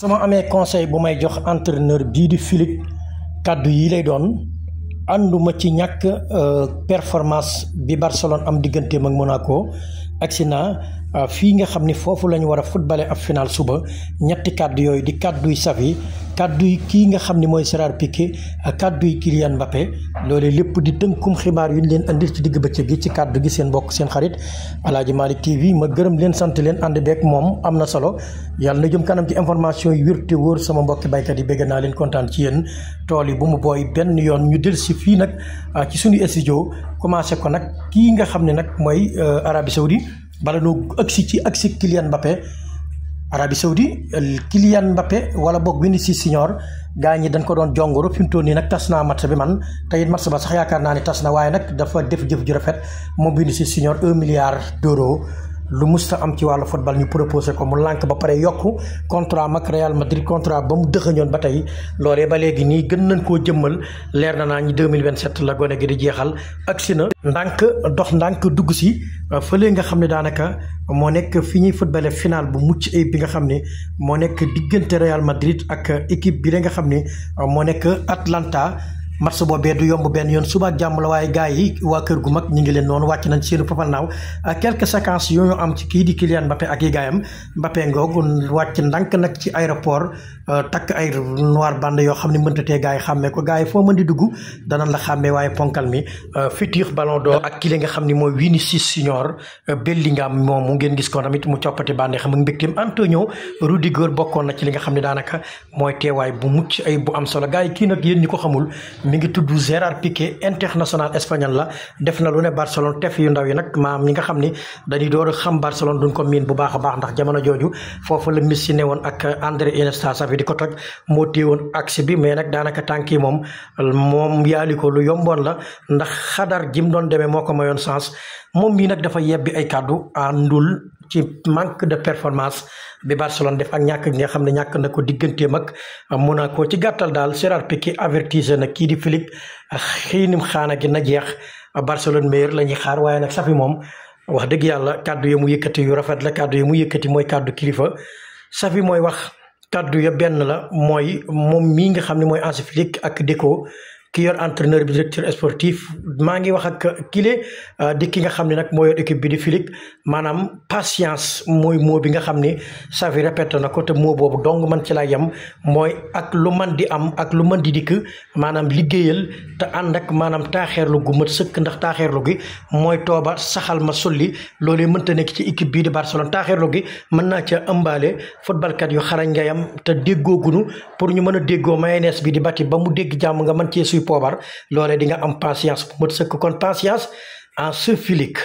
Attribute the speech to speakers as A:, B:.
A: su ma amee conseil bu may jox entraîneur bii di Philippe kàddu yi lay doon ànduma ci ñàkk euh, performance bi Barcelone am digganteem ak Monaco si naa euh, fii nga xam ni foofu la ñu war a footballé ab final suba ñetti kàddu yooyu di kàdduy Xavi kàdduy kii nga xam ni mooy Gérard Piqué ak kàdduy Kylian Mbappé loolu lépp di tënkum xibaar yu ñu leen andil ci digg bëccëg ci kàddu gi seen seen xarit Aladji Malick TV ma gërëm leen sant leen ànd beeg moom am na solo yàlla na jëm kanam ci information yi wér te wóor sama mbokki baykat yi bégg naa leen kontaan ci yéen tool yi bu mu booy benn yoon ñu del si fii nag euh, ci suñu studio commencé ko nag kii nga xam ne nag mooy euh, Arabie Saoudite bala noo agsi ci agsi Kylian Mbappé Arabie Saoudi Kylian mbappe wala boog ci Junior gaa ñi dañ ko doon jongoro fi mu toll nii nag tas naa match bi man tey it match ba sax yaakaar naa ne tas na waaye nag dafa def jëf ju rafet moom Vinicius Junior un milliard d'euros lu musta am ci wàllu footbal ñu proposé ko mu lànk ba pare yokk contrat mag Real Madrid contrat ba mu dëxëñoon ba tey loolee ba léegi nii gën nañ koo jëmmal leer na naa ñi 2027 la gone gi di jeexal agsi na ndànk dox ndànk dugg si fële nga xam ne daanaka moo nekk fi ñuy footballé final bu mucc ayib bi nga xam ne moo nekk diggante Real Madrid ak équipe bi la nga xam ni moo nekk Atlanta match boobee du yomb benn yoon suba jàmm la waaye gars yi waa kër gu mag ñu ngi leen noonu wàcc nañ seenu papanaaw euh, quelques séquences yoo ñu am ci kii di Kylian Mbappé ak yi gaayam Mbappé ngoog wàcc ndànk nag ci aéroport euh, takk ay noir bande yoo xam ne mëntatee gars yi xàmmee ko gars yi foo mën di dugg danañ la xàmmee waaye ponkal mi euh, futur ballon ak ki nga xam ne mooy Vinicius Junior Bellingham moomu ngeen gis ko tamit mu coppati bande xam nga mbégteem Antonio Rudiger bokkoon na ci li nga xam ne daanaka mooy teewaay bu mucc ay bu am solo gaa yi kii nag yéen ñi ko xamul mi ngi tudd Gérard Piqué international espagnol la def na lu ne Barcelone tef yu ndaw yi nag maam ñi nga xam ni dañuy door a xam Barcelone duñ ko miin bu baax a baax ndax jamono jooju foofu la Messi ne woon ak André Iniesta Xavi di ko toj moo téye woon axe bi mais nag daanaka tànk yi moom moom yaali ko lu yomboon la ndax xadar jim doon demee moo ko mayoon sens moom mii nag dafa yebbi ay kàddu àndul ci manque de performance bi Barcelone def ak ñàkk gi nga xam ne ñàkk na ko digganteem ak Monaco ci gàttal daal Gérard Piqué avertise na kii di Philippe xiinim xaana gi na jeex Barcelone meilleur la ñuy xaar waaye nag Xavi moom wax dëgg yàlla kàddu yi mu yëkkati yu rafet la kàddu yi mu yëkkati mooy kàddu kilifa Xavi mooy wax kaddu ya benn la mooy moom mii nga xam ne mooy Hansi Flick ak Deco ki yor entraîneur bi directeur sportif maa ngi wax ak kile euh, di ki nga xam ne nag mooy yor équipe bi di filik maanaam patience mooy moo bi nga xam ni Xavi répété na ko te moo boobu dong man ci laa yem mooy ak lu man di am ak lu man di dikk maanaam liggéeyal te ànd ak maanaam taaxeerlu gu mat sëkk ndax taaxeerlu gi mooy tooba saxal ma sulli loolee mënta nekk ci équipe bii di Barcelone taaxeerlu gi mën naa ca ëmbaale footballkat yu xarañ nga yam te déggoogunu pour ñu mën a déggoo mayonnaise bi di bati ba mu dégg jàmm nga mën suy poobar loolee di nga am patience bu mat sëkk kon patience en sulfilique